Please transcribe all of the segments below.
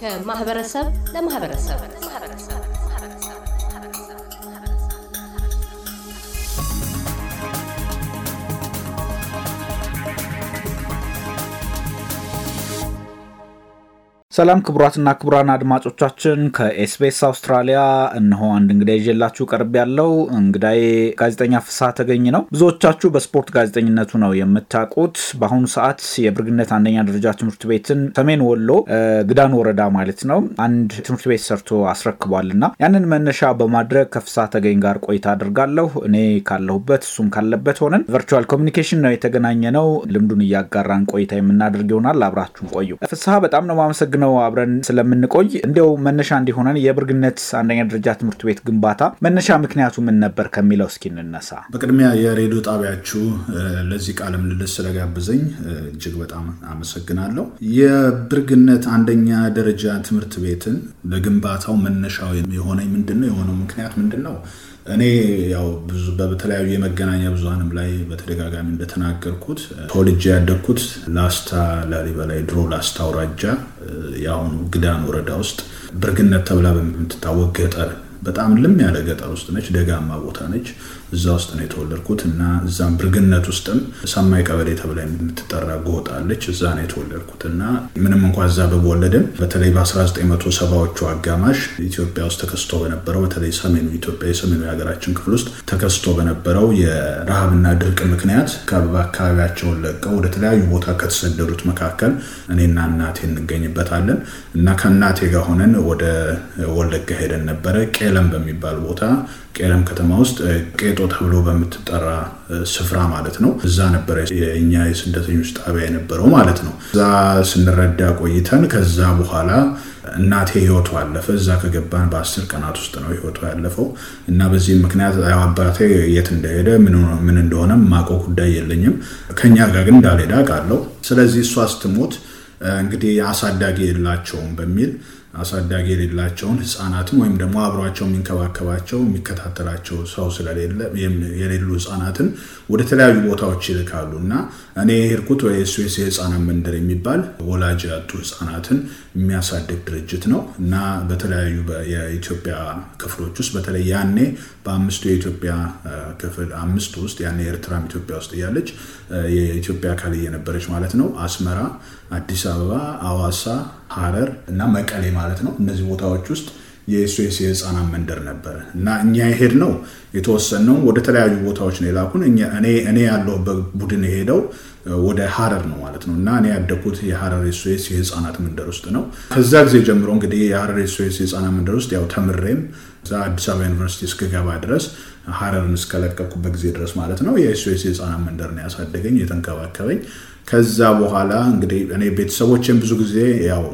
ከማህበረሰብ ለማህበረሰብ ሰላም ክቡራትና ክቡራን አድማጮቻችን ከኤስቢኤስ አውስትራሊያ እነሆ አንድ እንግዳ ይዤላችሁ ቀርብ ያለው እንግዳዬ ጋዜጠኛ ፍስሐ ተገኝ ነው። ብዙዎቻችሁ በስፖርት ጋዜጠኝነቱ ነው የምታውቁት። በአሁኑ ሰዓት የብርግነት አንደኛ ደረጃ ትምህርት ቤትን ሰሜን ወሎ ግዳን ወረዳ ማለት ነው አንድ ትምህርት ቤት ሰርቶ አስረክቧል ያንን መነሻ በማድረግ ከፍስሐ ተገኝ ጋር ቆይታ አድርጋለሁ። እኔ ካለሁበት እሱም ካለበት ሆነን ቨርቹዋል ኮሚኒኬሽን ነው የተገናኘ ነው። ልምዱን እያጋራን ቆይታ የምናደርግ ይሆናል። አብራችሁን ቆዩ። ፍስሐ በጣም ነው ማመሰግነው ነው አብረን ስለምንቆይ እንዲያው መነሻ እንዲሆነን የብርግነት አንደኛ ደረጃ ትምህርት ቤት ግንባታ መነሻ ምክንያቱ ምን ነበር ከሚለው እስኪ እንነሳ። በቅድሚያ የሬዲዮ ጣቢያችሁ ለዚህ ቃለ ምልልስ ስለጋብዘኝ እጅግ በጣም አመሰግናለሁ። የብርግነት አንደኛ ደረጃ ትምህርት ቤትን ለግንባታው መነሻው የሆነኝ ምንድን ነው? የሆነው ምክንያት ምንድን ነው? እኔ ያው ብዙ በተለያዩ የመገናኛ ብዙሃንም ላይ በተደጋጋሚ እንደተናገርኩት ተወልጄ ያደግኩት ላስታ ላሊበላ ድሮ ላስታ አውራጃ የአሁኑ ግዳን ወረዳ ውስጥ ብርግነት ተብላ በምትታወቅ ገጠር በጣም ልም ያለ ገጠር ውስጥ ነች። ደጋማ ቦታ ነች። እዛ ውስጥ ነው የተወለድኩት እና እዛም ብርግነት ውስጥም ሰማይ ቀበሌ ተብላ የምትጠራ ጎጣለች እዛ ነው የተወለድኩት እና ምንም እንኳ እዛ ብወለድም በተለይ በ1970ዎቹ አጋማሽ ኢትዮጵያ ውስጥ ተከስቶ በነበረው በተለይ ሰሜኑ ኢትዮጵያ የሰሜኑ የሀገራችን ክፍል ውስጥ ተከስቶ በነበረው የረሃብና ድርቅ ምክንያት አካባቢያቸውን ለቀው ወደ ተለያዩ ቦታ ከተሰደዱት መካከል እኔና እናቴ እንገኝበታለን እና ከእናቴ ጋር ሆነን ወደ ወለጋ ሄደን ነበረ ቄለም በሚባል ቦታ ቄለም ከተማ ውስጥ ቄጦ ተብሎ በምትጠራ ስፍራ ማለት ነው። እዛ ነበረ የእኛ የስደተኞች ጣቢያ የነበረው ማለት ነው። እዛ ስንረዳ ቆይተን ከዛ በኋላ እናቴ ህይወቱ አለፈ። እዛ ከገባን በአስር ቀናት ውስጥ ነው ህይወቱ ያለፈው እና በዚህ ምክንያት አባቴ የት እንደሄደ ምን እንደሆነ ማቆ ጉዳይ የለኝም። ከኛ ጋር ግን እንዳልሄዳ አውቃለሁ። ስለዚህ እሷ ስትሞት እንግዲህ አሳዳጊ የላቸውም በሚል አሳዳጊ የሌላቸውን ህፃናትን ወይም ደግሞ አብሯቸው የሚንከባከባቸው የሚከታተላቸው ሰው ስለሌለ የሌሉ ህፃናትን ወደ ተለያዩ ቦታዎች ይልካሉ እና እኔ ሄድኩት ወይ እሱ የህፃናት መንደር የሚባል ወላጅ ያጡ ህፃናትን የሚያሳድግ ድርጅት ነው እና በተለያዩ የኢትዮጵያ ክፍሎች ውስጥ በተለይ ያኔ በአምስቱ የኢትዮጵያ ክፍል አምስቱ ውስጥ ያኔ ኤርትራም ኢትዮጵያ ውስጥ እያለች የኢትዮጵያ አካል እየነበረች ማለት ነው አስመራ አዲስ አበባ፣ አዋሳ፣ ሀረር እና መቀሌ ማለት ነው። እነዚህ ቦታዎች ውስጥ የኤስኦኤስ የህፃናት መንደር ነበር እና እኛ የሄድ ነው የተወሰነው ወደ ተለያዩ ቦታዎች ነው የላኩን። እኔ ያለሁበት ቡድን የሄደው ወደ ሀረር ነው ማለት ነው እና እኔ ያደኩት የሀረር ኤስኦኤስ የህፃናት መንደር ውስጥ ነው። ከዛ ጊዜ ጀምሮ እንግዲህ የሀረር ኤስኦኤስ የህፃናት መንደር ውስጥ ያው ተምሬም እዛ አዲስ አበባ ዩኒቨርሲቲ እስክገባ ድረስ ሀረርን እስከለቀኩበት ጊዜ ድረስ ማለት ነው የኤስኦኤስ የህፃናት መንደር ነው ያሳደገኝ የተንከባከበኝ ከዛ በኋላ እንግዲህ እኔ ቤተሰቦችን ብዙ ጊዜ ያው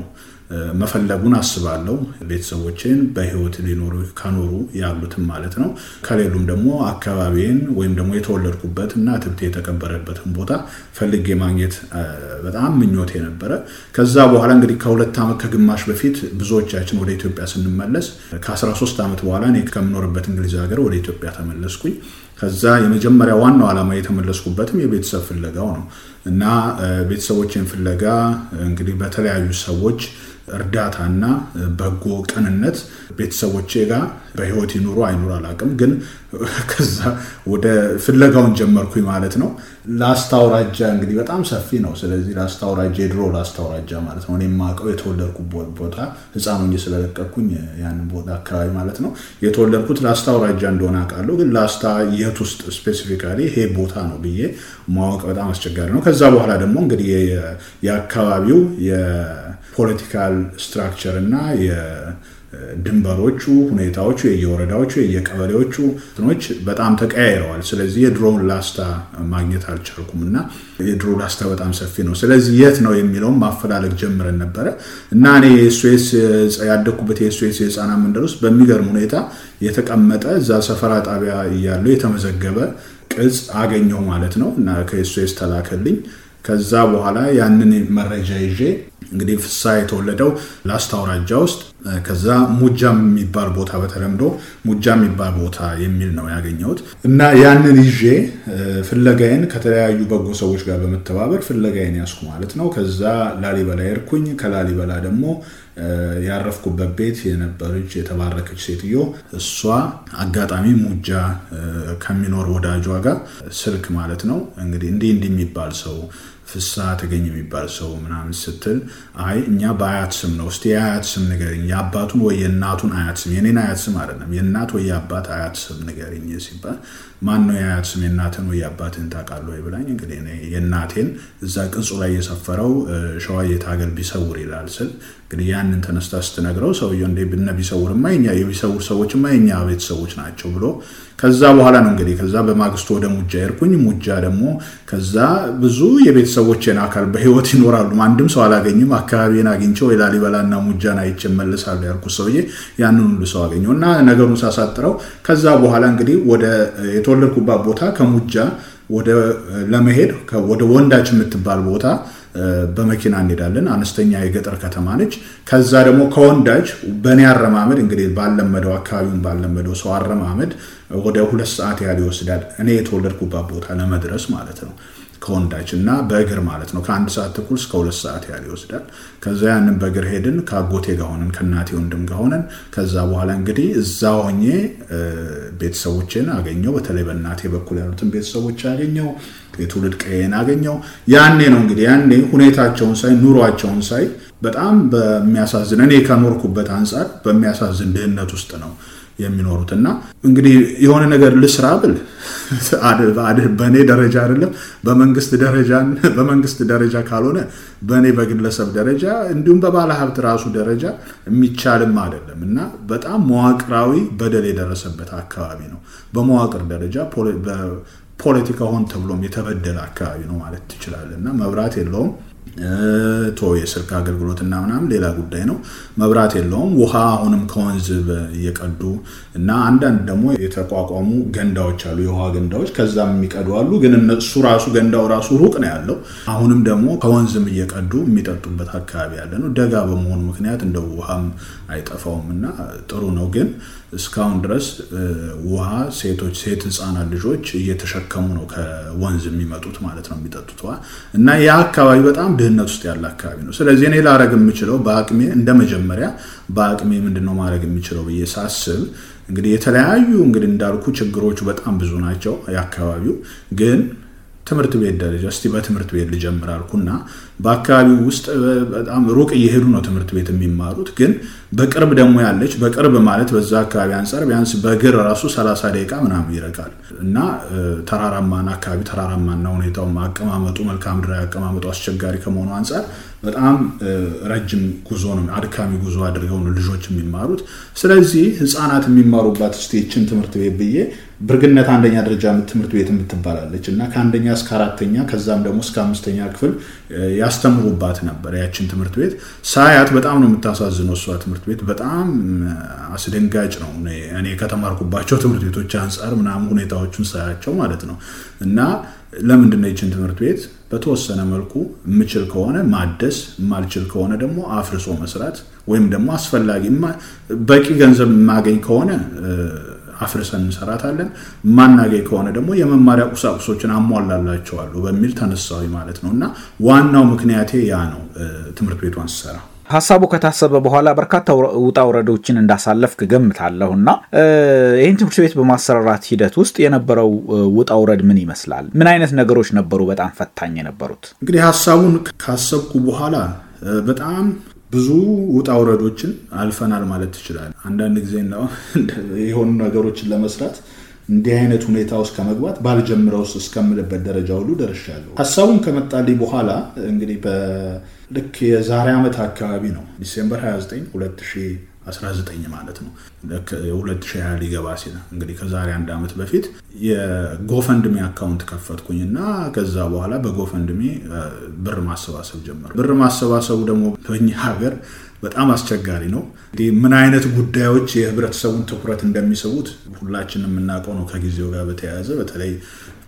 መፈለጉን አስባለሁ። ቤተሰቦችን በህይወት ሊኖሩ ከኖሩ ያሉትም ማለት ነው። ከሌሉም ደግሞ አካባቢን ወይም ደግሞ የተወለድኩበት እና ትብቴ የተቀበረበትን ቦታ ፈልጌ ማግኘት በጣም ምኞት የነበረ ከዛ በኋላ እንግዲህ ከሁለት ዓመት ከግማሽ በፊት ብዙዎቻችን ወደ ኢትዮጵያ ስንመለስ ከ13 ዓመት በኋላ እኔ ከምኖርበት እንግሊዝ ሀገር ወደ ኢትዮጵያ ተመለስኩኝ። ከዛ የመጀመሪያ ዋናው ዓላማ የተመለስኩበትም የቤተሰብ ፍለጋው ነው። እና ቤተሰቦችን ፍለጋ እንግዲህ በተለያዩ ሰዎች እርዳታና በጎ ቅንነት ቤተሰቦቼ ጋር በህይወት ይኑሩ አይኑር አላቅም፣ ግን ከዛ ወደ ፍለጋውን ጀመርኩኝ ማለት ነው። ላስታውራጃ እንግዲህ በጣም ሰፊ ነው። ስለዚህ ላስታውራጃ የድሮ ላስታውራጃ ማለት ነው። እኔ የማውቀው የተወለድኩበት ቦታ ህፃኑ ሆኜ ስለለቀኩኝ ያን ቦታ አካባቢ ማለት ነው የተወለድኩት ላስታውራጃ እንደሆነ አውቃለሁ፣ ግን ላስታ የት ውስጥ ስፔሲፊካሊ ይሄ ቦታ ነው ብዬ ማወቅ በጣም አስቸጋሪ ነው። ከዛ በኋላ ደግሞ እንግዲህ የአካባቢው ፖለቲካል ስትራክቸር እና የድንበሮቹ ሁኔታዎቹ የየወረዳዎቹ የየቀበሌዎቹ ትኖች በጣም ተቀያይረዋል። ስለዚህ የድሮውን ላስታ ማግኘት አልቻልኩም እና የድሮ ላስታ በጣም ሰፊ ነው። ስለዚህ የት ነው የሚለውም ማፈላለግ ጀምረን ነበረ እና እኔ የኤስኤስ ያደግኩበት የኤስኤስ የህፃናት መንደር ውስጥ በሚገርም ሁኔታ የተቀመጠ እዛ ሰፈራ ጣቢያ እያለው የተመዘገበ ቅጽ አገኘው ማለት ነው እና ከኤስኤስ ተላከልኝ። ከዛ በኋላ ያንን መረጃ ይዤ እንግዲህ ፍሳ የተወለደው ላስታ አውራጃ ውስጥ ከዛ ሙጃ የሚባል ቦታ በተለምዶ ሙጃ የሚባል ቦታ የሚል ነው ያገኘሁት እና ያንን ይዤ ፍለጋዬን ከተለያዩ በጎ ሰዎች ጋር በመተባበር ፍለጋዬን ያስኩ ማለት ነው። ከዛ ላሊበላ የርኩኝ ከላሊበላ ደግሞ ያረፍኩበት ቤት የነበረች የተባረከች ሴትዮ እሷ አጋጣሚ ሙጃ ከሚኖር ወዳጇ ጋር ስልክ ማለት ነው እንግዲህ እንዲህ እንዲህ የሚባል ሰው ፍስሐ ተገኝ የሚባል ሰው ምናምን ስትል አይ እኛ በአያት ስም ነው፣ እስቲ የአያት ስም ንገርኝ፣ የአባቱን ወይ የእናቱን አያት ስም፣ የኔን አያት ስም አይደለም፣ የእናት ወይ የአባት አያት ስም ንገርኝ ሲባል ማን ነው የአያት ስም የእናትህን ወይ የአባትህን ታውቃለህ ወይ ብላኝ እንግዲህ እኔ የእናቴን እዛ ቅጹ ላይ የሰፈረው ሸዋ የታገል ቢሰውር ይላል ስል እንግዲህ ያንን ተነስታ ስትነግረው ሰውየው እንደ ብነ ቢሰውርማ የቢሰውር ሰዎችማ የኛ ቤተሰቦች ናቸው ብሎ ከዛ በኋላ ነው እንግዲህ ከዛ በማግስቱ ወደ ሙጃ የርኩኝ ሙጃ ደግሞ ከዛ ብዙ የቤተሰቦቼን አካል በህይወት ይኖራሉ አንድም ሰው አላገኝም አካባቢን አግኝቼው የላሊበላና ሙጃን አይቼ እመልሳለሁ ያልኩት ሰውዬ ያንን ሁሉ ሰው አገኘው እና ነገሩን ሳሳጥረው ከዛ በኋላ እንግዲህ ወደ የተወለድኩባት ቦታ ከሙጃ ለመሄድ ወደ ወንዳች የምትባል ቦታ በመኪና እንሄዳለን። አነስተኛ የገጠር ከተማ ነች። ከዛ ደግሞ ከወንዳጅ በእኔ አረማመድ እንግዲህ ባለመደው አካባቢውን ባለመደው ሰው አረማመድ ወደ ሁለት ሰዓት ያህል ይወስዳል እኔ የተወለድኩባት ቦታ ለመድረስ ማለት ነው። ከወንዳች እና በእግር ማለት ነው። ከአንድ ሰዓት ተኩል እስከ ሁለት ሰዓት ያህል ይወስዳል። ከዛ ያንን በእግር ሄድን። ከአጎቴ ጋር ሆነን ከእናቴ ወንድም ጋር ሆነን ከዛ በኋላ እንግዲህ እዛ ሆኜ ቤተሰቦቼን አገኘው። በተለይ በእናቴ በኩል ያሉትን ቤተሰቦች አገኘው፣ የትውልድ ቀዬን አገኘው። ያኔ ነው እንግዲህ ያኔ ሁኔታቸውን ሳይ ኑሯቸውን ሳይ በጣም በሚያሳዝን እኔ ከኖርኩበት አንጻር በሚያሳዝን ድህነት ውስጥ ነው የሚኖሩት እና እንግዲህ የሆነ ነገር ልስራ ብል በእኔ ደረጃ አይደለም በመንግስት ደረጃ በመንግስት ደረጃ ካልሆነ በእኔ በግለሰብ ደረጃ እንዲሁም በባለ ሀብት ራሱ ደረጃ የሚቻልም አይደለም እና በጣም መዋቅራዊ በደል የደረሰበት አካባቢ ነው። በመዋቅር ደረጃ ፖለቲካ ሆን ተብሎም የተበደለ አካባቢ ነው ማለት ትችላለህ እና መብራት የለውም። ቶ የስልክ አገልግሎት እና ምናምን ሌላ ጉዳይ ነው። መብራት የለውም። ውሃ አሁንም ከወንዝ እየቀዱ እና አንዳንድ ደግሞ የተቋቋሙ ገንዳዎች አሉ፣ የውሃ ገንዳዎች ከዛም የሚቀዱ አሉ። ግን እነሱ ራሱ ገንዳው ራሱ ሩቅ ነው ያለው። አሁንም ደግሞ ከወንዝም እየቀዱ የሚጠጡበት አካባቢ ያለ ነው። ደጋ በመሆኑ ምክንያት እንደ ውሃም አይጠፋውም እና ጥሩ ነው ግን እስካሁን ድረስ ውሃ ሴቶች ሴት ህፃናት ልጆች እየተሸከሙ ነው ከወንዝ የሚመጡት ማለት ነው የሚጠጡት ውሃ እና ያ አካባቢ በጣም ድህነት ውስጥ ያለ አካባቢ ነው። ስለዚህ እኔ ላረግ የምችለው በአቅሜ እንደ መጀመሪያ በአቅሜ ምንድነው ማድረግ የምችለው ብዬ ሳስብ እንግዲህ የተለያዩ እንግዲህ እንዳልኩ ችግሮች በጣም ብዙ ናቸው የአካባቢው ግን ትምህርት ቤት ደረጃ እስቲ በትምህርት ቤት ልጀምር አልኩና በአካባቢው ውስጥ በጣም ሩቅ እየሄዱ ነው ትምህርት ቤት የሚማሩት። ግን በቅርብ ደግሞ ያለች በቅርብ ማለት በዛ አካባቢ አንጻር ቢያንስ በእግር ራሱ 30 ደቂቃ ምናምን ይረቃል እና ተራራማን አካባቢ ተራራማና ሁኔታው አቀማመጡ መልክዓ ምድራዊ አቀማመጡ አስቸጋሪ ከመሆኑ አንጻር በጣም ረጅም ጉዞ ነው፣ አድካሚ ጉዞ አድርገው ልጆች የሚማሩት። ስለዚህ ህፃናት የሚማሩባት ስቴችን ትምህርት ቤት ብዬ ብርግነት አንደኛ ደረጃ ትምህርት ቤት የምትባላለች እና ከአንደኛ እስከ አራተኛ ከዛም ደግሞ እስከ አምስተኛ ክፍል ያስተምሩባት ነበር። ያችን ትምህርት ቤት ሳያት በጣም ነው የምታሳዝነው። እሷ ትምህርት ቤት በጣም አስደንጋጭ ነው። እኔ ከተማርኩባቸው ትምህርት ቤቶች አንጻር ምናምን ሁኔታዎቹን ሳያቸው ማለት ነው እና ለምንድን ነው ይችን ትምህርት ቤት በተወሰነ መልኩ የምችል ከሆነ ማደስ የማልችል ከሆነ ደግሞ አፍርሶ መስራት ወይም ደግሞ አስፈላጊ በቂ ገንዘብ የማገኝ ከሆነ አፍርሰን እንሰራታለን። ማናገኝ ከሆነ ደግሞ የመማሪያ ቁሳቁሶችን አሟላላቸዋለሁ በሚል ተነሳዊ ማለት ነው እና ዋናው ምክንያቴ ያ ነው። ትምህርት ቤቷን ስሰራ ሀሳቡ ከታሰበ በኋላ በርካታ ውጣ ውረዶችን እንዳሳለፍክ ገምታለሁ እና ይህን ትምህርት ቤት በማሰራራት ሂደት ውስጥ የነበረው ውጣ ውረድ ምን ይመስላል? ምን አይነት ነገሮች ነበሩ በጣም ፈታኝ የነበሩት? እንግዲህ ሀሳቡን ካሰብኩ በኋላ በጣም ብዙ ውጣ ውረዶችን አልፈናል ማለት ትችላል። አንዳንድ ጊዜ የሆኑ ነገሮችን ለመስራት እንዲህ አይነት ሁኔታ ውስጥ ከመግባት ባልጀምረው ውስጥ እስከምልበት ደረጃ ሁሉ ደርሻለሁ። ሀሳቡን ከመጣልኝ በኋላ እንግዲህ በልክ የዛሬ ዓመት አካባቢ ነው ዲሴምበር 29 19 ማለት ነው። 2020 ሊገባ ሲል እንግዲህ ከዛሬ አንድ ዓመት በፊት የጎፈንድሜ አካውንት ከፈትኩኝ እና ከዛ በኋላ በጎፈንድሜ ብር ማሰባሰብ ጀመር። ብር ማሰባሰቡ ደግሞ በኛ ሀገር በጣም አስቸጋሪ ነው። ምን አይነት ጉዳዮች የህብረተሰቡን ትኩረት እንደሚስቡት ሁላችንም የምናውቀው ነው። ከጊዜው ጋር በተያያዘ በተለይ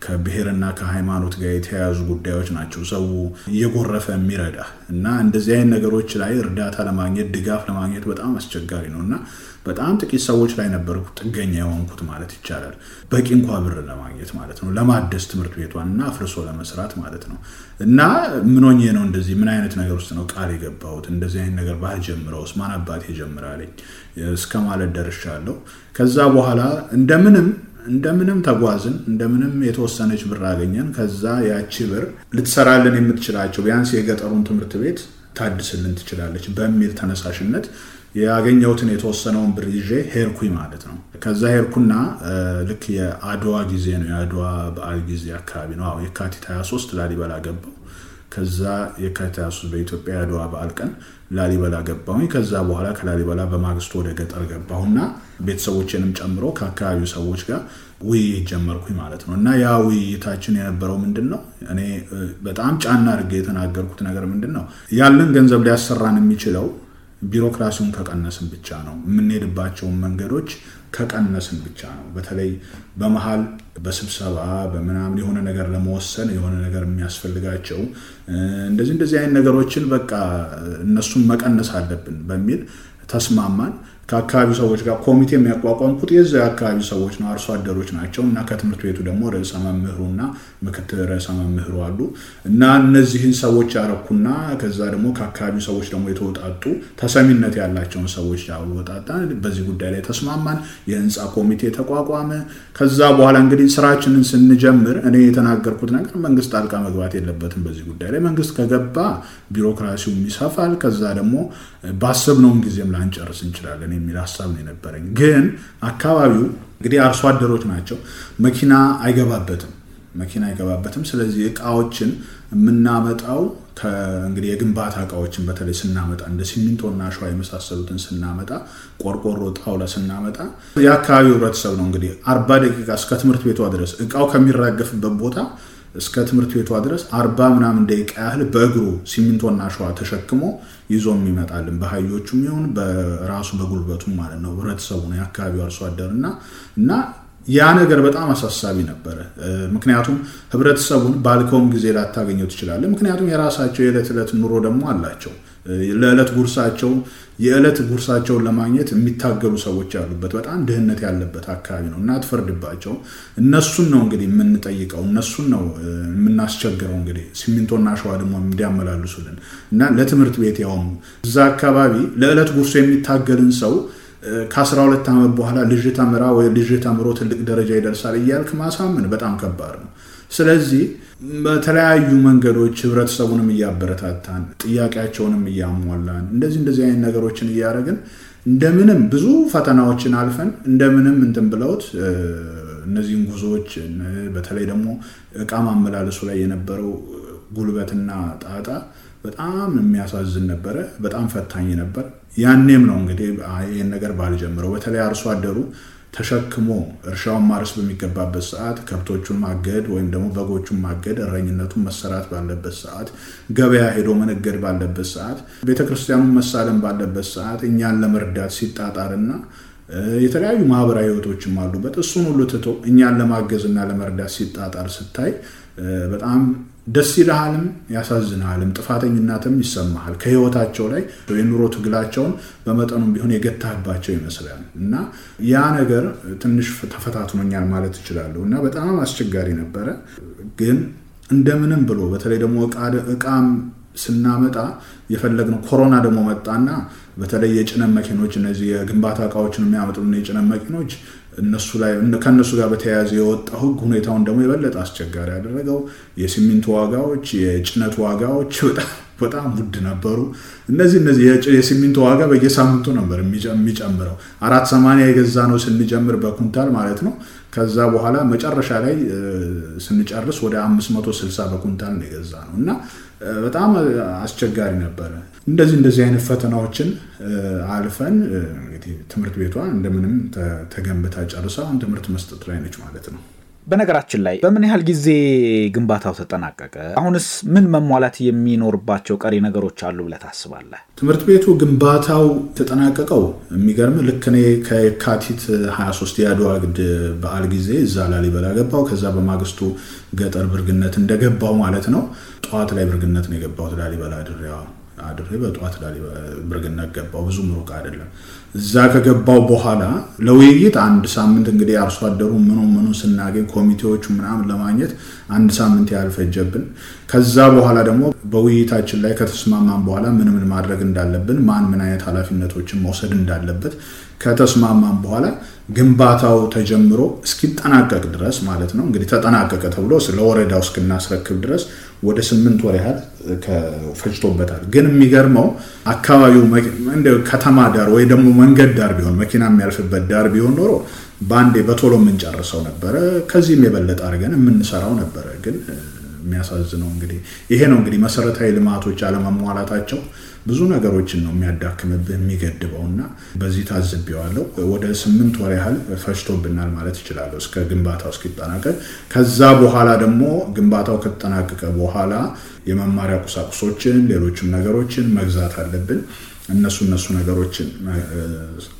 ከብሔርና ከሃይማኖት ጋር የተያያዙ ጉዳዮች ናቸው። ሰው እየጎረፈ የሚረዳ እና እንደዚህ አይነት ነገሮች ላይ እርዳታ ለማግኘት ድጋፍ ለማግኘት በጣም አስቸጋሪ ነው እና በጣም ጥቂት ሰዎች ላይ ነበርኩ ጥገኛ የሆንኩት ማለት ይቻላል። በቂ እንኳ ብር ለማግኘት ማለት ነው፣ ለማደስ ትምህርት ቤቷን እና አፍርሶ ለመስራት ማለት ነው። እና ምን ሆኜ ነው እንደዚህ ምን አይነት ነገር ውስጥ ነው ቃል የገባሁት? እንደዚህ አይነት ነገር ባልጀምረውስ ማን አባቴ ጀምራለኝ እስከ ማለት ደርሻለሁ። ከዛ በኋላ እንደምንም እንደምንም ተጓዝን። እንደምንም የተወሰነች ብር አገኘን። ከዛ ያቺ ብር ልትሰራልን የምትችላቸው ቢያንስ የገጠሩን ትምህርት ቤት ታድስልን ትችላለች በሚል ተነሳሽነት ያገኘሁትን የተወሰነውን ብር ይዤ ሄርኩኝ ማለት ነው። ከዛ ሄርኩና ልክ የአድዋ ጊዜ ነው፣ የአድዋ በዓል ጊዜ አካባቢ ነው የካቲት 23 ላሊበላ ገባው። ከዛ የካቲት 23 በኢትዮጵያ የአድዋ በዓል ቀን ላሊበላ ገባሁኝ። ከዛ በኋላ ከላሊበላ በማግስቱ ወደ ገጠር ገባሁና ቤተሰቦችንም ጨምሮ ከአካባቢው ሰዎች ጋር ውይይት ጀመርኩኝ ማለት ነው። እና ያ ውይይታችን የነበረው ምንድን ነው? እኔ በጣም ጫና አድርጌ የተናገርኩት ነገር ምንድን ነው? ያለን ገንዘብ ሊያሰራን የሚችለው ቢሮክራሲውን ከቀነስን ብቻ ነው። የምንሄድባቸውን መንገዶች ከቀነስን ብቻ ነው። በተለይ በመሀል በስብሰባ በምናምን የሆነ ነገር ለመወሰን የሆነ ነገር የሚያስፈልጋቸው እንደዚህ እንደዚህ አይነት ነገሮችን በቃ እነሱን መቀነስ አለብን በሚል ተስማማን። ከአካባቢው ሰዎች ጋር ኮሚቴ የሚያቋቋምኩት የዚ አካባቢ ሰዎች ነው፣ አርሶ አደሮች ናቸው እና ከትምህርት ቤቱ ደግሞ ርዕሰ መምህሩና ምክትል ርዕሰ መምህሩ አሉ እና እነዚህን ሰዎች ያረኩና ከዛ ደግሞ ከአካባቢው ሰዎች ደግሞ የተወጣጡ ተሰሚነት ያላቸውን ሰዎች ያወጣጣ በዚህ ጉዳይ ላይ ተስማማን። የህንፃ ኮሚቴ ተቋቋመ። ከዛ በኋላ እንግዲህ ስራችንን ስንጀምር እኔ የተናገርኩት ነገር መንግስት ጣልቃ መግባት የለበትም በዚህ ጉዳይ ላይ መንግስት ከገባ ቢሮክራሲውም ይሰፋል። ከዛ ደግሞ ባሰብነውን ጊዜም ላንጨርስ እንችላለን የሚል ሀሳብ ነው የነበረኝ። ግን አካባቢው እንግዲህ አርሶ አደሮች ናቸው። መኪና አይገባበትም መኪና አይገባበትም። ስለዚህ እቃዎችን የምናመጣው እንግዲህ የግንባታ እቃዎችን በተለይ ስናመጣ እንደ ሲሚንቶና አሸዋ የመሳሰሉትን ስናመጣ፣ ቆርቆሮ፣ ጣውላ ስናመጣ የአካባቢው ህብረተሰብ ነው እንግዲህ አርባ ደቂቃ እስከ ትምህርት ቤቷ ድረስ እቃው ከሚራገፍበት ቦታ እስከ ትምህርት ቤቷ ድረስ አርባ ምናምን ደቂቃ ያህል በእግሩ ሲሚንቶና አሸዋ ተሸክሞ ይዞ ይመጣልን በሀዮቹም ይሁን በራሱ በጉልበቱም ማለት ነው ህብረተሰቡ ነው የአካባቢው አርሶ አደር እና እና ያ ነገር በጣም አሳሳቢ ነበረ። ምክንያቱም ህብረተሰቡን ባልከውም ጊዜ ላታገኘው ትችላለህ። ምክንያቱም የራሳቸው የዕለት ዕለት ኑሮ ደግሞ አላቸው። ለዕለት ጉርሳቸው የዕለት ጉርሳቸውን ለማግኘት የሚታገሉ ሰዎች ያሉበት በጣም ድህነት ያለበት አካባቢ ነው እና አትፈርድባቸው። እነሱን ነው እንግዲህ የምንጠይቀው፣ እነሱን ነው የምናስቸግረው። እንግዲህ ሲሚንቶና አሸዋ ደግሞ እንዲያመላልሱልን እና ለትምህርት ቤት ያውም እዛ አካባቢ ለዕለት ጉርሶ የሚታገልን ሰው ከአስራ ሁለት ዓመት በኋላ ልጅ ተምራ ወይ ልጅ ተምሮ ትልቅ ደረጃ ይደርሳል እያልክ ማሳምን በጣም ከባድ ነው። ስለዚህ በተለያዩ መንገዶች ህብረተሰቡንም እያበረታታን ጥያቄያቸውንም እያሟላን እንደዚህ እንደዚህ አይነት ነገሮችን እያደረግን እንደምንም ብዙ ፈተናዎችን አልፈን እንደምንም እንትን ብለውት እነዚህን ጉዞዎች በተለይ ደግሞ እቃ ማመላለሱ ላይ የነበረው ጉልበትና ጣጣ በጣም የሚያሳዝን ነበረ። በጣም ፈታኝ ነበር። ያኔም ነው እንግዲህ ይህን ነገር ባልጀምረው በተለይ አርሶ አደሩ ተሸክሞ እርሻውን ማረስ በሚገባበት ሰዓት ከብቶቹን ማገድ ወይም ደግሞ በጎቹን ማገድ፣ እረኝነቱን መሰራት ባለበት ሰዓት፣ ገበያ ሄዶ መነገድ ባለበት ሰዓት፣ ቤተክርስቲያኑን መሳለም ባለበት ሰዓት እኛን ለመርዳት ሲጣጣርና የተለያዩ ማህበራዊ ህይወቶችም አሉበት። እሱን ሁሉ ትቶ እኛን ለማገዝና ለመርዳት ሲጣጣር ስታይ በጣም ደስ ይልሃልም ያሳዝንሃልም ጥፋተኝነትም ይሰማሃል። ከህይወታቸው ላይ የኑሮ ትግላቸውን በመጠኑም ቢሆን የገታህባቸው ይመስላል እና ያ ነገር ትንሽ ተፈታትኖኛል ማለት እችላለሁ እና በጣም አስቸጋሪ ነበረ። ግን እንደምንም ብሎ በተለይ ደግሞ እቃም ስናመጣ የፈለግነው ኮሮና ደግሞ መጣና በተለይ የጭነት መኪኖች እነዚህ የግንባታ እቃዎችን የሚያመጡ የጭነት መኪኖች እነሱ ላይ ከእነሱ ጋር በተያያዘ የወጣው ህግ ሁኔታውን ደግሞ የበለጠ አስቸጋሪ ያደረገው። የሲሚንቶ ዋጋዎች፣ የጭነት ዋጋዎች በጣም ውድ ነበሩ። እነዚህ እነዚህ የሲሚንቶ ዋጋ በየሳምንቱ ነበር የሚጨምረው። አራት ሰማንያ የገዛ ነው ስንጀምር በኩንታል ማለት ነው። ከዛ በኋላ መጨረሻ ላይ ስንጨርስ ወደ 560 በኩንታል ነው የገዛ ነው እና በጣም አስቸጋሪ ነበረ። እንደዚህ እንደዚህ አይነት ፈተናዎችን አልፈን ትምህርት ቤቷ እንደምንም ተገንብታ ጨርሳ አሁን ትምህርት መስጠት ላይ ነች ማለት ነው። በነገራችን ላይ በምን ያህል ጊዜ ግንባታው ተጠናቀቀ? አሁንስ ምን መሟላት የሚኖርባቸው ቀሪ ነገሮች አሉ ብለህ ታስባለህ? ትምህርት ቤቱ ግንባታው ተጠናቀቀው የሚገርም ልክ እኔ ከየካቲት 23 የአድዋ ግድ በዓል ጊዜ እዛ ላሊበላ ገባው። ከዛ በማግስቱ ገጠር ብርግነት እንደገባው ማለት ነው። ጠዋት ላይ ብርግነት ነው የገባው ላሊበላ ድሬዋ አድሬ በጠዋት ብርግና ገባው። ብዙ ሩቅ አይደለም። እዛ ከገባው በኋላ ለውይይት አንድ ሳምንት እንግዲህ አርሶ አደሩ ምኑ ምኑ ስናገኝ ኮሚቴዎቹ ምናምን ለማግኘት አንድ ሳምንት ያልፈጀብን ከዛ በኋላ ደግሞ በውይይታችን ላይ ከተስማማን በኋላ ምን ምን ማድረግ እንዳለብን፣ ማን ምን አይነት ኃላፊነቶችን መውሰድ እንዳለበት ከተስማማን በኋላ ግንባታው ተጀምሮ እስኪጠናቀቅ ድረስ ማለት ነው እንግዲህ ተጠናቀቀ ተብሎ ለወረዳው እስክናስረክብ ድረስ ወደ ስምንት ወር ያህል ፈጅቶበታል። ግን የሚገርመው አካባቢው ከተማ ዳር ወይ ደግሞ መንገድ ዳር ቢሆን መኪና የሚያልፍበት ዳር ቢሆን ኖሮ በአንዴ በቶሎ የምንጨርሰው ነበረ። ከዚህም የበለጠ አድርገን የምንሰራው ነበረ። ግን የሚያሳዝነው እንግዲህ ይሄ ነው። እንግዲህ መሰረታዊ ልማቶች አለመሟላታቸው ብዙ ነገሮችን ነው የሚያዳክምብህ የሚገድበው እና በዚህ ታዝቤዋለሁ። ወደ ስምንት ወር ያህል ፈጅቶብናል ማለት ይችላለሁ እስከ ግንባታው እስኪጠናቀቅ። ከዛ በኋላ ደግሞ ግንባታው ከተጠናቀቀ በኋላ የመማሪያ ቁሳቁሶችን ሌሎችም ነገሮችን መግዛት አለብን። እነሱ እነሱ ነገሮችን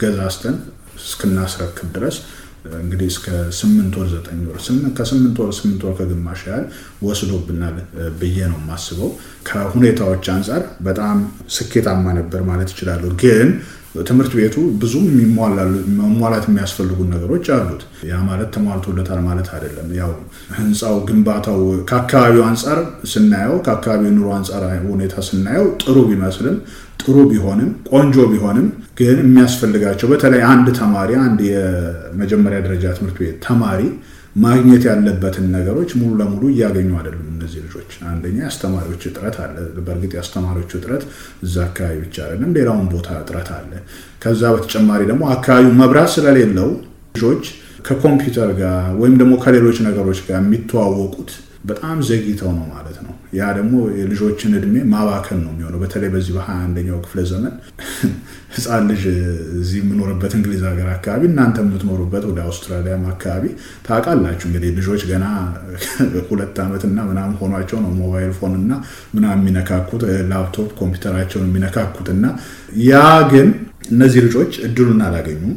ገዛዝተን እስክናስረክብ ድረስ እንግዲህ እስከ ስምንት ወር ዘጠኝ ወር ከስምንት ወር ስምንት ወር ከግማሽ ያህል ወስዶብናል ብዬ ነው የማስበው። ከሁኔታዎች አንጻር በጣም ስኬታማ ነበር ማለት ይችላሉ ግን ትምህርት ቤቱ ብዙም መሟላት የሚያስፈልጉን ነገሮች አሉት። ያ ማለት ተሟልቶለታል ማለት አይደለም። ያው ህንፃው፣ ግንባታው ከአካባቢው አንጻር ስናየው፣ ከአካባቢው ኑሮ አንጻር ሁኔታ ስናየው ጥሩ ቢመስልም ጥሩ ቢሆንም ቆንጆ ቢሆንም ግን የሚያስፈልጋቸው በተለይ አንድ ተማሪ አንድ የመጀመሪያ ደረጃ ትምህርት ቤት ተማሪ ማግኘት ያለበትን ነገሮች ሙሉ ለሙሉ እያገኙ አይደሉም እነዚህ ልጆች። አንደኛ የአስተማሪዎች እጥረት አለ። በእርግጥ የአስተማሪዎች እጥረት እዛ አካባቢ ብቻ አይደለም፣ ሌላውን ቦታ እጥረት አለ። ከዛ በተጨማሪ ደግሞ አካባቢው መብራት ስለሌለው ልጆች ከኮምፒውተር ጋር ወይም ደግሞ ከሌሎች ነገሮች ጋር የሚተዋወቁት በጣም ዘግይተው ነው ማለት ነው። ያ ደግሞ የልጆችን እድሜ ማባከን ነው የሚሆነው። በተለይ በዚህ በሀያ አንደኛው ክፍለ ዘመን ህፃን ልጅ እዚህ የምኖርበት እንግሊዝ ሀገር አካባቢ፣ እናንተ የምትኖሩበት ወደ አውስትራሊያም አካባቢ ታውቃላችሁ እንግዲህ ልጆች ገና ሁለት ዓመትና ምናምን ሆኗቸው ነው ሞባይል ፎን እና ምናምን የሚነካኩት ላፕቶፕ ኮምፒውተራቸውን የሚነካኩት እና ያ ግን እነዚህ ልጆች እድሉን አላገኙም፣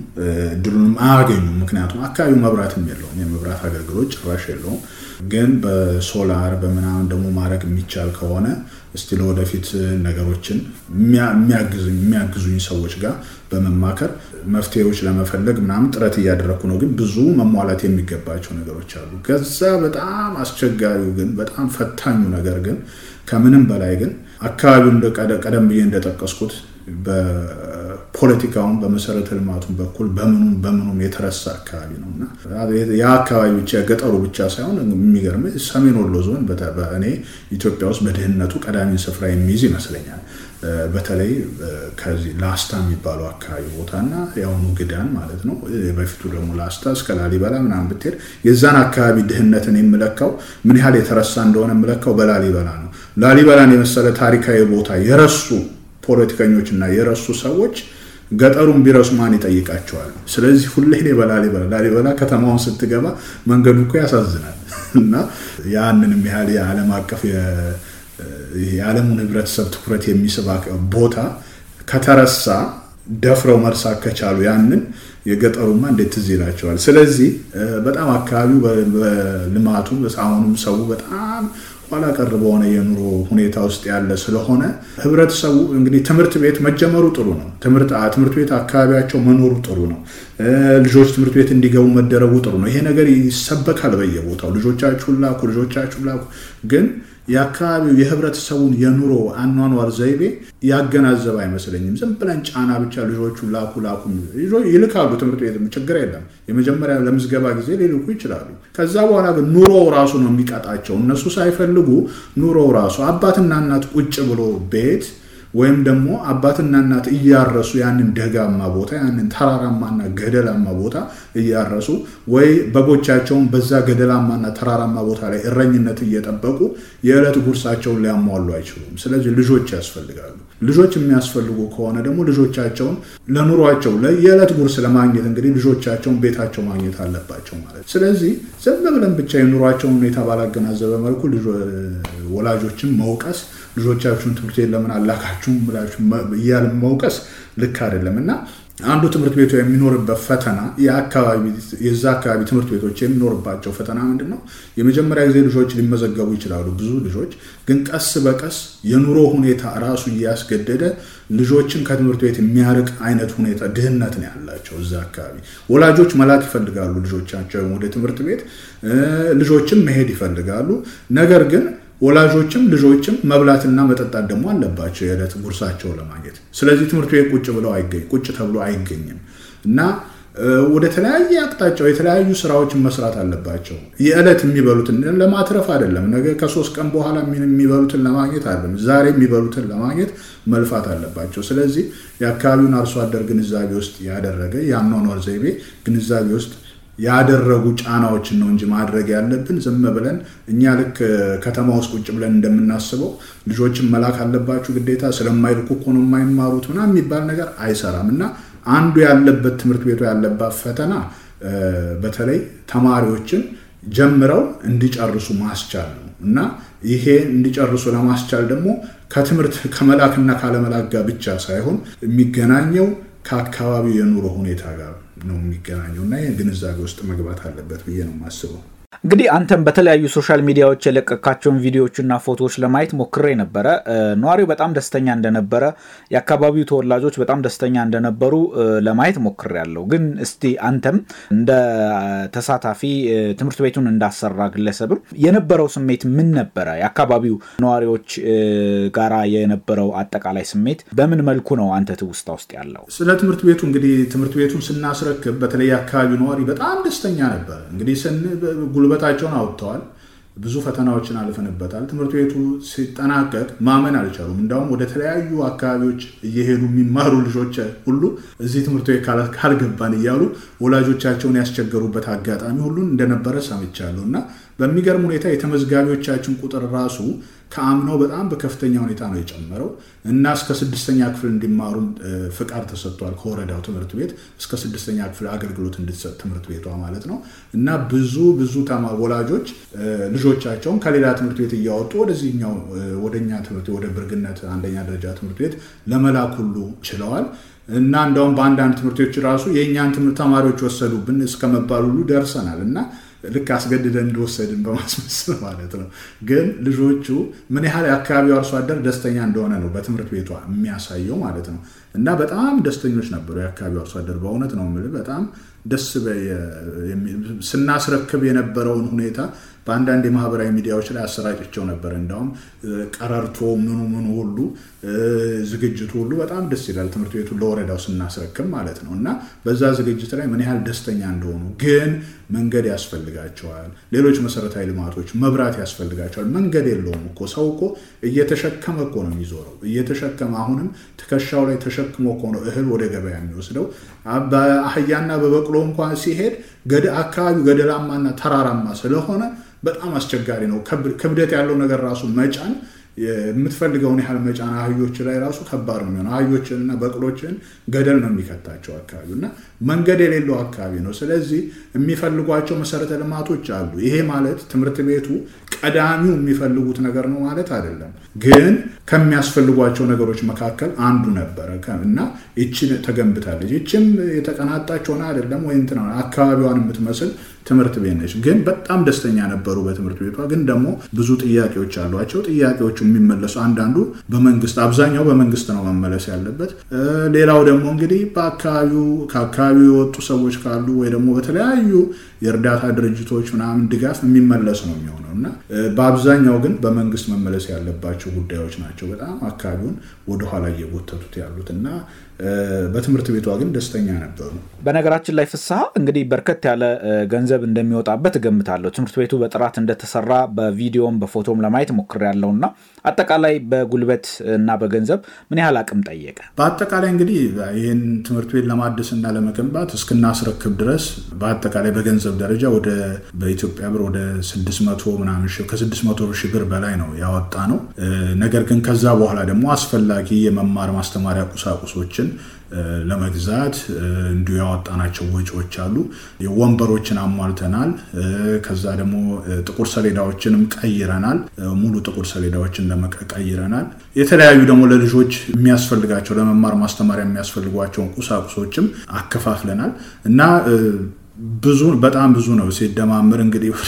እድሉንም አያገኙም። ምክንያቱም አካባቢው መብራትም የለውም፣ የመብራት አገልግሎት ጭራሽ የለውም። ግን በሶላር በምናምን ደግሞ ማድረግ የሚቻል ከሆነ እስቲ ለወደፊት ነገሮችን የሚያግዙኝ ሰዎች ጋር በመማከር መፍትሄዎች ለመፈለግ ምናምን ጥረት እያደረግኩ ነው። ግን ብዙ መሟላት የሚገባቸው ነገሮች አሉ። ከዛ በጣም አስቸጋሪው ግን በጣም ፈታኙ ነገር ግን ከምንም በላይ ግን አካባቢውን ቀደም ብዬ እንደጠቀስኩት ፖለቲካውን በመሰረተ ልማቱን በኩል በምኑም በምኑም የተረሳ አካባቢ ነው እና ያ አካባቢ ብቻ ገጠሩ ብቻ ሳይሆን የሚገርም ሰሜን ወሎ ዞን እኔ ኢትዮጵያ ውስጥ በድህነቱ ቀዳሚን ስፍራ የሚይዝ ይመስለኛል። በተለይ ከዚህ ላስታ የሚባለው አካባቢ ቦታና የአሁኑ ግዳን ማለት ነው። በፊቱ ደግሞ ላስታ እስከ ላሊበላ ምናምን ብትሄድ የዛን አካባቢ ድህነትን የምለካው ምን ያህል የተረሳ እንደሆነ የምለካው በላሊበላ ነው። ላሊበላን የመሰለ ታሪካዊ ቦታ የረሱ ፖለቲከኞች እና የረሱ ሰዎች ገጠሩን ቢረሱ ማን ይጠይቃቸዋል? ስለዚህ ሁሌ ላሊበላ ላሊበላ ከተማውን ስትገባ መንገዱ እኮ ያሳዝናል። እና ያንንም ያህል የዓለም አቀፍ የዓለሙን ህብረተሰብ ትኩረት የሚስባ ቦታ ከተረሳ ደፍረው መርሳት ከቻሉ ያንን የገጠሩማ እንዴት ትዝ ይላቸዋል። ስለዚህ በጣም አካባቢው በልማቱ አሁኑም ሰው በጣም ኋላ ቀር በሆነ የኑሮ ሁኔታ ውስጥ ያለ ስለሆነ ህብረተሰቡ እንግዲህ ትምህርት ቤት መጀመሩ ጥሩ ነው። ትምህርት ቤት አካባቢያቸው መኖሩ ጥሩ ነው። ልጆች ትምህርት ቤት እንዲገቡ መደረጉ ጥሩ ነው። ይሄ ነገር ይሰበካል በየቦታው ልጆቻችሁን ላኩ፣ ልጆቻችሁን ላኩ ግን የአካባቢው የህብረተሰቡን የኑሮ አኗኗር ዘይቤ ያገናዘበ አይመስለኝም። ዝም ብለን ጫና ብቻ ልጆቹ ላኩ ላኩ ይልካሉ። ትምህርት ቤት ችግር የለም የመጀመሪያ ለምዝገባ ጊዜ ሊልኩ ይችላሉ። ከዛ በኋላ ግን ኑሮው ራሱ ነው የሚቀጣቸው። እነሱ ሳይፈልጉ ኑሮው ራሱ አባትና እናት ቁጭ ብሎ ቤት ወይም ደግሞ አባትና እናት እያረሱ ያንን ደጋማ ቦታ ያንን ተራራማና ገደላማ ቦታ እያረሱ ወይ በጎቻቸውን በዛ ገደላማና ተራራማ ቦታ ላይ እረኝነት እየጠበቁ የዕለት ጉርሳቸውን ሊያሟሉ አይችሉም። ስለዚህ ልጆች ያስፈልጋሉ። ልጆች የሚያስፈልጉ ከሆነ ደግሞ ልጆቻቸውን ለኑሯቸው የዕለት ጉርስ ለማግኘት እንግዲህ ልጆቻቸውን ቤታቸው ማግኘት አለባቸው ማለት። ስለዚህ ዝም ብለን ብቻ የኑሯቸውን ሁኔታ ባላገናዘበ መልኩ ወላጆችን መውቀስ ልጆቻችሁን ትምህርት ቤት ለምን አላካችሁም ብላችሁ እያል መውቀስ ልክ አይደለም እና አንዱ ትምህርት ቤቱ የሚኖርበት ፈተና የዛ አካባቢ ትምህርት ቤቶች የሚኖርባቸው ፈተና ምንድን ነው? የመጀመሪያ ጊዜ ልጆች ሊመዘገቡ ይችላሉ። ብዙ ልጆች ግን ቀስ በቀስ የኑሮ ሁኔታ ራሱ እያስገደደ ልጆችን ከትምህርት ቤት የሚያርቅ አይነት ሁኔታ ድህነት ነው ያላቸው እዛ አካባቢ። ወላጆች መላክ ይፈልጋሉ ልጆቻቸውን ወደ ትምህርት ቤት፣ ልጆችም መሄድ ይፈልጋሉ። ነገር ግን ወላጆችም ልጆችም መብላትና መጠጣት ደግሞ አለባቸው የዕለት ጉርሳቸው ለማግኘት። ስለዚህ ትምህርት ቤት ቁጭ ብለው አይገኝ ቁጭ ተብሎ አይገኝም እና ወደ ተለያየ አቅጣጫው የተለያዩ ስራዎችን መስራት አለባቸው። የዕለት የሚበሉትን ለማትረፍ አይደለም፣ ነገ ከሶስት ቀን በኋላ የሚበሉትን ለማግኘት አይደለም፣ ዛሬ የሚበሉትን ለማግኘት መልፋት አለባቸው። ስለዚህ የአካባቢውን አርሶ አደር ግንዛቤ ውስጥ ያደረገ የአኗኗር ዘይቤ ግንዛቤ ውስጥ ያደረጉ ጫናዎችን ነው እንጂ ማድረግ ያለብን ዝም ብለን እኛ ልክ ከተማ ውስጥ ቁጭ ብለን እንደምናስበው ልጆችን መላክ አለባችሁ ግዴታ ስለማይልኩ እኮ ነው የማይማሩት ምናምን የሚባል ነገር አይሰራም እና አንዱ ያለበት ትምህርት ቤቱ ያለባት ፈተና በተለይ ተማሪዎችን ጀምረው እንዲጨርሱ ማስቻል ነው እና ይሄ እንዲጨርሱ ለማስቻል ደግሞ ከትምህርት ከመላክና ካለመላክ ጋር ብቻ ሳይሆን የሚገናኘው ከአካባቢው የኑሮ ሁኔታ ጋር ነው የሚገናኘው እና ይህ ግንዛቤ ውስጥ መግባት አለበት ብዬ ነው የማስበው። እንግዲህ አንተም በተለያዩ ሶሻል ሚዲያዎች የለቀካቸውን ቪዲዮዎችና ፎቶዎች ለማየት ሞክሬ ነበረ። ነዋሪው በጣም ደስተኛ እንደነበረ፣ የአካባቢው ተወላጆች በጣም ደስተኛ እንደነበሩ ለማየት ሞክሬ ያለው። ግን እስቲ አንተም እንደ ተሳታፊ ትምህርት ቤቱን እንዳሰራ ግለሰብም የነበረው ስሜት ምን ነበረ? የአካባቢው ነዋሪዎች ጋራ የነበረው አጠቃላይ ስሜት በምን መልኩ ነው አንተ ትውስታ ውስጥ ያለው? ስለ ትምህርት ቤቱ እንግዲህ ትምህርት ቤቱን ስናስረክብ በተለይ የአካባቢው ነዋሪ በጣም ደስተኛ ነበር እንግዲህ ጉልበታቸውን አውጥተዋል። ብዙ ፈተናዎችን አልፈንበታል። ትምህርት ቤቱ ሲጠናቀቅ ማመን አልቻሉም። እንዲሁም ወደ ተለያዩ አካባቢዎች እየሄዱ የሚማሩ ልጆች ሁሉ እዚህ ትምህርት ቤት ካልገባን እያሉ ወላጆቻቸውን ያስቸገሩበት አጋጣሚ ሁሉን እንደነበረ ሰምቻለሁ እና በሚገርም ሁኔታ የተመዝጋቢዎቻችን ቁጥር ራሱ ከአምኖ በጣም በከፍተኛ ሁኔታ ነው የጨመረው እና እስከ ስድስተኛ ክፍል እንዲማሩ ፍቃድ ተሰጥቷል ከወረዳው ትምህርት ቤት እስከ ስድስተኛ ክፍል አገልግሎት እንድትሰጥ ትምህርት ቤቷ ማለት ነው። እና ብዙ ብዙ ወላጆች ልጆቻቸውን ከሌላ ትምህርት ቤት እያወጡ ወደዚህኛው ወደኛ ትምህርት ወደ ብርግነት አንደኛ ደረጃ ትምህርት ቤት ለመላክ ሁሉ ችለዋል። እና እንደውም በአንዳንድ ትምህርት ቤቶች ራሱ የእኛን ትምህርት ተማሪዎች ወሰዱብን እስከመባል ሁሉ ደርሰናል እና ልክ አስገድደ እንደወሰድን በማስመሰል ማለት ነው። ግን ልጆቹ ምን ያህል የአካባቢው አርሶ አደር ደስተኛ እንደሆነ ነው በትምህርት ቤቷ የሚያሳየው ማለት ነው። እና በጣም ደስተኞች ነበሩ የአካባቢው አርሶ አደር በእውነት ነው የምልህ በጣም ደስ ስናስረክብ የነበረውን ሁኔታ በአንዳንድ የማህበራዊ ሚዲያዎች ላይ አሰራጭቸው ነበር። እንዳውም ቀረርቶ ምኑ ምኑ ሁሉ ዝግጅቱ ሁሉ በጣም ደስ ይላል። ትምህርት ቤቱ ለወረዳው ስናስረክብ ማለት ነው እና በዛ ዝግጅት ላይ ምን ያህል ደስተኛ እንደሆኑ ግን መንገድ ያስፈልጋቸዋል። ሌሎች መሰረታዊ ልማቶች፣ መብራት ያስፈልጋቸዋል። መንገድ የለውም እኮ ሰው እኮ እየተሸከመ እኮ ነው የሚዞረው። እየተሸከመ አሁንም ትከሻው ላይ ተሸክሞ እኮ ነው እህል ወደ ገበያ የሚወስደው። በአህያና በበቅሎ እንኳን ሲሄድ አካባቢው ገደላማና ተራራማ ስለሆነ በጣም አስቸጋሪ ነው። ክብደት ያለው ነገር ራሱ መጫን የምትፈልገውን ያህል መጫን አህዮች ላይ ራሱ ከባድ ነው የሚሆነው። አህዮችንና በቅሎችን ገደል ነው የሚከታቸው አካባቢው እና መንገድ የሌለው አካባቢ ነው። ስለዚህ የሚፈልጓቸው መሰረተ ልማቶች አሉ። ይሄ ማለት ትምህርት ቤቱ ቀዳሚው የሚፈልጉት ነገር ነው ማለት አይደለም፣ ግን ከሚያስፈልጓቸው ነገሮች መካከል አንዱ ነበረ እና ይችን ተገንብታለች። ይችም የተቀናጣች ሆነ አይደለም ወይ እንትን አካባቢዋን የምትመስል ትምህርት ቤት ነች። ግን በጣም ደስተኛ ነበሩ በትምህርት ቤቷ። ግን ደግሞ ብዙ ጥያቄዎች አሏቸው። ጥያቄዎቹ የሚመለሱ አንዳንዱ በመንግስት አብዛኛው በመንግስት ነው መመለስ ያለበት። ሌላው ደግሞ እንግዲህ በአካባቢው ከአካባቢው የወጡ ሰዎች ካሉ ወይ ደግሞ በተለያዩ የእርዳታ ድርጅቶች ምናምን ድጋፍ የሚመለስ ነው የሚሆነው እና በአብዛኛው ግን በመንግስት መመለስ ያለባቸው ጉዳዮች ናቸው በጣም አካባቢውን ወደኋላ እየጎተቱት ያሉት እና በትምህርት ቤቷ ግን ደስተኛ ነበሩ። በነገራችን ላይ ፍስሐ እንግዲህ በርከት ያለ ገንዘብ እንደሚወጣበት እገምታለሁ። ትምህርት ቤቱ በጥራት እንደተሰራ በቪዲዮም በፎቶም ለማየት ያለው እና አጠቃላይ በጉልበት እና በገንዘብ ምን ያህል አቅም ጠየቀ? በአጠቃላይ እንግዲህ ይህን ትምህርት ቤት ለማደስ እና ለመገንባት እስክናስረክብ ድረስ በአጠቃላይ በገንዘብ ደረጃ ወደ በኢትዮጵያ ብር ወደ 600 ምናምን ከ600 ሺህ ብር በላይ ነው ያወጣ ነው። ነገር ግን ከዛ በኋላ ደግሞ አስፈላጊ የመማር ማስተማሪያ ቁሳቁሶችን እቃዎችን ለመግዛት እንዲሁ ያወጣናቸው ወጪዎች አሉ። ወንበሮችን አሟልተናል። ከዛ ደግሞ ጥቁር ሰሌዳዎችንም ቀይረናል። ሙሉ ጥቁር ሰሌዳዎችን ቀይረናል። የተለያዩ ደግሞ ለልጆች የሚያስፈልጋቸው ለመማር ማስተማሪያ የሚያስፈልጓቸውን ቁሳቁሶችም አከፋፍለናል እና ብዙ በጣም ብዙ ነው ሲደማምር እንግዲህ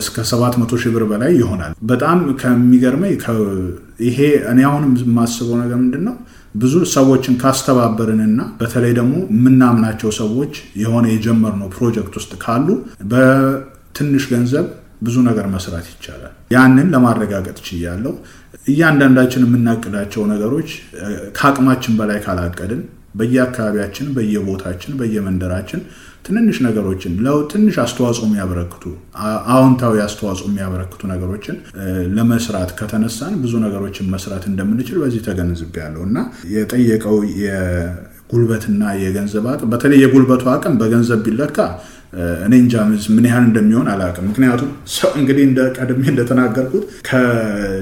እስከ 700 ሺህ ብር በላይ ይሆናል። በጣም ከሚገርመኝ ይሄ እኔ አሁን የማስበው ነገር ምንድን ነው ብዙ ሰዎችን ካስተባበርንና በተለይ ደግሞ የምናምናቸው ሰዎች የሆነ የጀመርነው ፕሮጀክት ውስጥ ካሉ በትንሽ ገንዘብ ብዙ ነገር መስራት ይቻላል። ያንን ለማረጋገጥ ችያለሁ። እያንዳንዳችን የምናቅዳቸው ነገሮች ከአቅማችን በላይ ካላቀድን በየአካባቢያችን በየቦታችን በየመንደራችን ትንንሽ ነገሮችን ለትንሽ አስተዋጽኦ የሚያበረክቱ አዎንታዊ አስተዋጽኦ የሚያበረክቱ ነገሮችን ለመስራት ከተነሳን ብዙ ነገሮችን መስራት እንደምንችል በዚህ ተገንዝቤያለሁ እና የጠየቀው የጉልበትና የገንዘብ አቅም በተለይ የጉልበቱ አቅም በገንዘብ ቢለካ እኔ እንጃ ምን ያህል እንደሚሆን አላውቅም። ምክንያቱም ሰው እንግዲህ ቀድሜ እንደተናገርኩት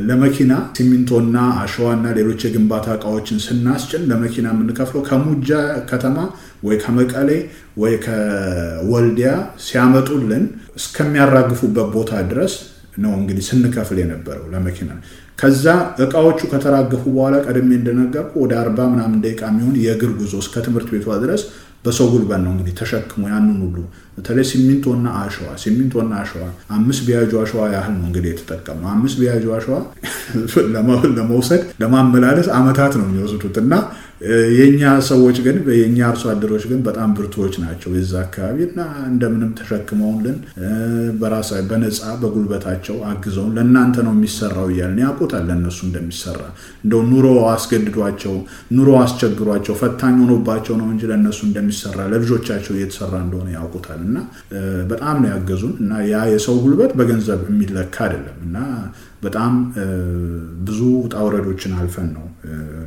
ለመኪና ሲሚንቶና አሸዋና ሌሎች የግንባታ እቃዎችን ስናስጭን ለመኪና የምንከፍለው ከሙጃ ከተማ ወይ ከመቀሌ ወይ ከወልዲያ ሲያመጡልን እስከሚያራግፉበት ቦታ ድረስ ነው እንግዲህ ስንከፍል የነበረው ለመኪና። ከዛ እቃዎቹ ከተራገፉ በኋላ ቀድሜ እንደነገርኩ ወደ አርባ ምናምን ደቂቃ የሚሆን የእግር ጉዞ እስከ ትምህርት ቤቷ ድረስ በሰው ጉልበት ነው እንግዲህ ተሸክሞ ያንን ሁሉ በተለይ ሲሚንቶና አሸዋ ሲሚንቶና አሸዋ አምስት ቢያጁ አሸዋ ያህል ነው እንግዲህ የተጠቀመው። አምስት ቢያጁ አሸዋ ለመውሰድ ለማመላለስ አመታት ነው የሚወስዱት እና የእኛ ሰዎች ግን የእኛ አርሶ አደሮች ግን በጣም ብርቶች ናቸው። የዛ አካባቢ እና እንደምንም ተሸክመውልን በራሳ በነፃ በጉልበታቸው አግዘውን ለእናንተ ነው የሚሰራው እያልን ያውቁታል ለእነሱ እንደሚሰራ እንደው ኑሮ አስገድዷቸው ኑሮ አስቸግሯቸው ፈታኝ ሆኖባቸው ነው እንጂ ለእነሱ እንደሚሰራ ለልጆቻቸው እየተሰራ እንደሆነ ያውቁታል እና በጣም ነው ያገዙን እና ያ የሰው ጉልበት በገንዘብ የሚለካ አይደለም እና በጣም ብዙ ውጣ ውረዶችን አልፈን ነው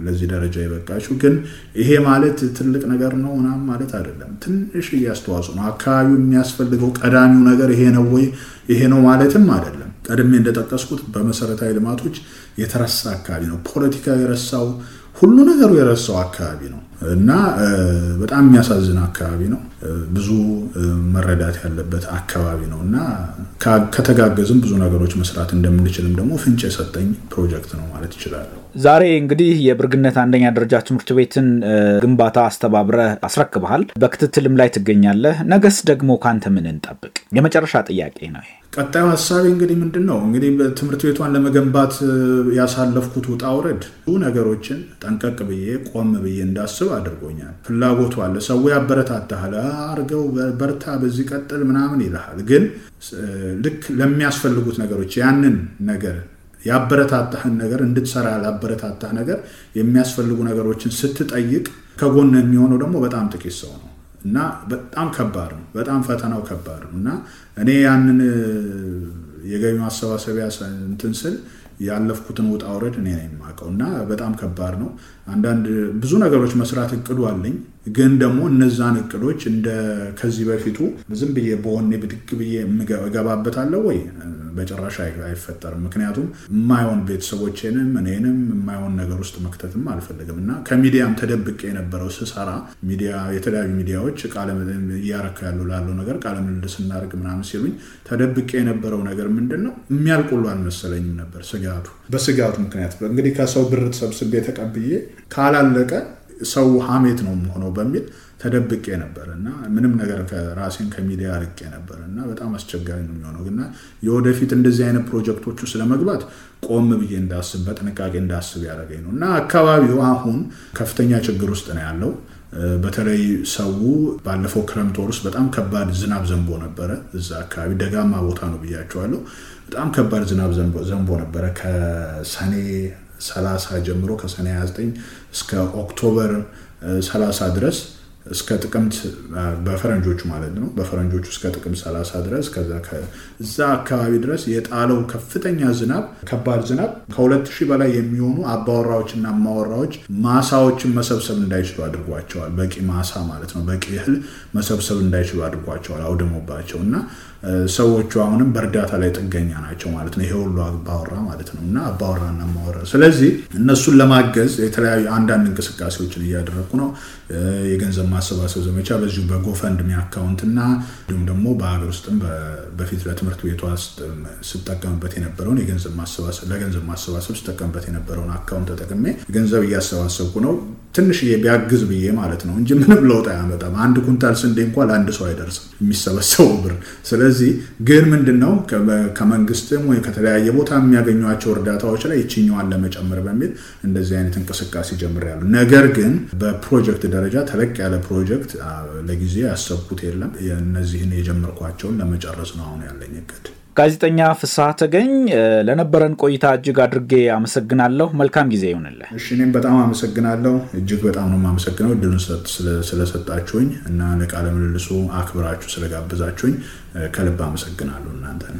ለዚህ ደረጃ የበቃችው። ግን ይሄ ማለት ትልቅ ነገር ነው ምናምን ማለት አይደለም። ትንሽ እያስተዋጽኦ ነው። አካባቢው የሚያስፈልገው ቀዳሚው ነገር ይሄ ነው ወይ ይሄ ነው ማለትም አይደለም። ቀድሜ እንደጠቀስኩት በመሰረታዊ ልማቶች የተረሳ አካባቢ ነው። ፖለቲካ የረሳው ሁሉ ነገሩ የረሳው አካባቢ ነው እና በጣም የሚያሳዝን አካባቢ ነው። ብዙ መረዳት ያለበት አካባቢ ነው እና ከተጋገዝም ብዙ ነገሮች መስራት እንደምንችልም ደግሞ ፍንጭ የሰጠኝ ፕሮጀክት ነው ማለት ይችላለሁ። ዛሬ እንግዲህ የብርግነት አንደኛ ደረጃ ትምህርት ቤትን ግንባታ አስተባብረ አስረክበሃል። በክትትልም ላይ ትገኛለህ። ነገስ ደግሞ ከአንተ ምን እንጠብቅ? የመጨረሻ ጥያቄ ነው ይሄ። ቀጣዩ ሀሳቤ እንግዲህ ምንድን ነው? እንግዲህ ትምህርት ቤቷን ለመገንባት ያሳለፍኩት ውጣ ውረድ ብዙ ነገሮችን ጠንቀቅ ብዬ ቆም ብዬ እንዳስብ አድርጎኛል። ፍላጎቱ አለ፣ ሰው ያበረታታል አርገው፣ በርታ፣ በዚህ ቀጥል ምናምን ይልሃል። ግን ልክ ለሚያስፈልጉት ነገሮች ያንን ነገር ያበረታታህን ነገር እንድትሰራ ላበረታታህ ነገር የሚያስፈልጉ ነገሮችን ስትጠይቅ ከጎን የሚሆነው ደግሞ በጣም ጥቂት ሰው ነው እና በጣም ከባድ ነው። በጣም ፈተናው ከባድ ነው እና እኔ ያንን የገቢ ማሰባሰቢያ እንትን ስል ያለፍኩትን ውጣ ውረድ እኔ ነው የማውቀው እና በጣም ከባድ ነው። አንዳንድ ብዙ ነገሮች መስራት እቅዱ አለኝ፣ ግን ደግሞ እነዛን እቅዶች እንደ ከዚህ በፊቱ ዝም ብዬ በሆኔ ብድቅ ብዬ እገባበታለሁ ወይ? በጭራሽ አይፈጠርም። ምክንያቱም የማይሆን ቤተሰቦቼንም እኔንም የማይሆን ነገር ውስጥ መክተትም አልፈልግም እና ከሚዲያም ተደብቄ የነበረው ስሰራ ሚዲያ የተለያዩ ሚዲያዎች ቃለ እያረካ ያሉ ላለው ነገር ቃለ ምልልስ እናደርግ ምናምን ሲሉኝ ተደብቄ የነበረው ነገር ምንድን ነው የሚያልቁሉ አልመሰለኝም ነበር ስጋ ስጋቱ በስጋቱ ምክንያት እንግዲህ ከሰው ብር ተሰብስቤ ተቀብዬ ካላለቀ ሰው ሀሜት ነው የምሆነው በሚል ተደብቄ ነበር እና ምንም ነገር ራሴን ከሚዲያ ርቄ ነበር እና በጣም አስቸጋሪ ነው የሚሆነው ግና የወደፊት እንደዚህ አይነት ፕሮጀክቶች ውስጥ ለመግባት ቆም ብዬ እንዳስብ በጥንቃቄ እንዳስብ ያደረገኝ ነው እና አካባቢው አሁን ከፍተኛ ችግር ውስጥ ነው ያለው። በተለይ ሰው ባለፈው ክረምት ወር ውስጥ በጣም ከባድ ዝናብ ዘንቦ ነበረ። እዛ አካባቢ ደጋማ ቦታ ነው ብያቸዋለሁ። በጣም ከባድ ዝናብ ዘንቦ ነበረ ከሰኔ 30 ጀምሮ ከሰኔ 29 እስከ ኦክቶበር 30 ድረስ እስከ ጥቅምት በፈረንጆቹ ማለት ነው። በፈረንጆቹ እስከ ጥቅምት 30 ድረስ እዛ አካባቢ ድረስ የጣለው ከፍተኛ ዝናብ ከባድ ዝናብ ከ200 በላይ የሚሆኑ አባወራዎችና አማወራዎች ማሳዎችን መሰብሰብ እንዳይችሉ አድርጓቸዋል። በቂ ማሳ ማለት ነው። በቂ እህል መሰብሰብ እንዳይችሉ አድርጓቸዋል። አውደሞባቸው እና ሰዎቹ አሁንም በእርዳታ ላይ ጥገኛ ናቸው ማለት ነው። ይሄ ሁሉ አባወራ ማለት ነው እና አባወራና ማወራ ስለዚህ እነሱን ለማገዝ የተለያዩ አንዳንድ እንቅስቃሴዎችን እያደረግኩ ነው። የገንዘብ ማሰባሰብ ዘመቻ በዚሁ በጎፈንድሚ አካውንት እና እንዲሁም ደግሞ በሀገር ውስጥም በፊት ለትምህርት ቤቷ ስጠቀምበት የነበረውን ለገንዘብ ማሰባሰብ ስጠቀምበት የነበረውን አካውንት ተጠቅሜ ገንዘብ እያሰባሰብኩ ነው። ትንሽ ቢያግዝ ብዬ ማለት ነው እንጂ ምንም ለውጥ አያመጣም። አንድ ኩንታል ስንዴ እንኳ ለአንድ ሰው አይደርስም የሚሰበሰበው ብር። ስለዚህ ግን ምንድን ነው ከመንግስትም ወይ ከተለያየ ቦታ የሚያገኟቸው እርዳታዎች ላይ ይችኛዋን ለመጨመር በሚል እንደዚህ አይነት እንቅስቃሴ ጀምሬያለሁ። ነገር ግን በፕሮጀክት ደረጃ ተለቅ ያለ ፕሮጀክት ለጊዜ ያሰብኩት የለም። እነዚህን የጀመርኳቸውን ለመጨረስ ነው አሁን ያለኝ እቅድ። ጋዜጠኛ ፍስሐ ተገኝ ለነበረን ቆይታ እጅግ አድርጌ አመሰግናለሁ። መልካም ጊዜ ይሁንልህ። እሺ፣ እኔም በጣም አመሰግናለሁ። እጅግ በጣም ነው የማመሰግነው እድሉን ስለሰጣችሁኝ እና ለቃለ ምልልሱ አክብራችሁ ስለጋብዛችሁኝ ከልብ አመሰግናለሁ እናንተን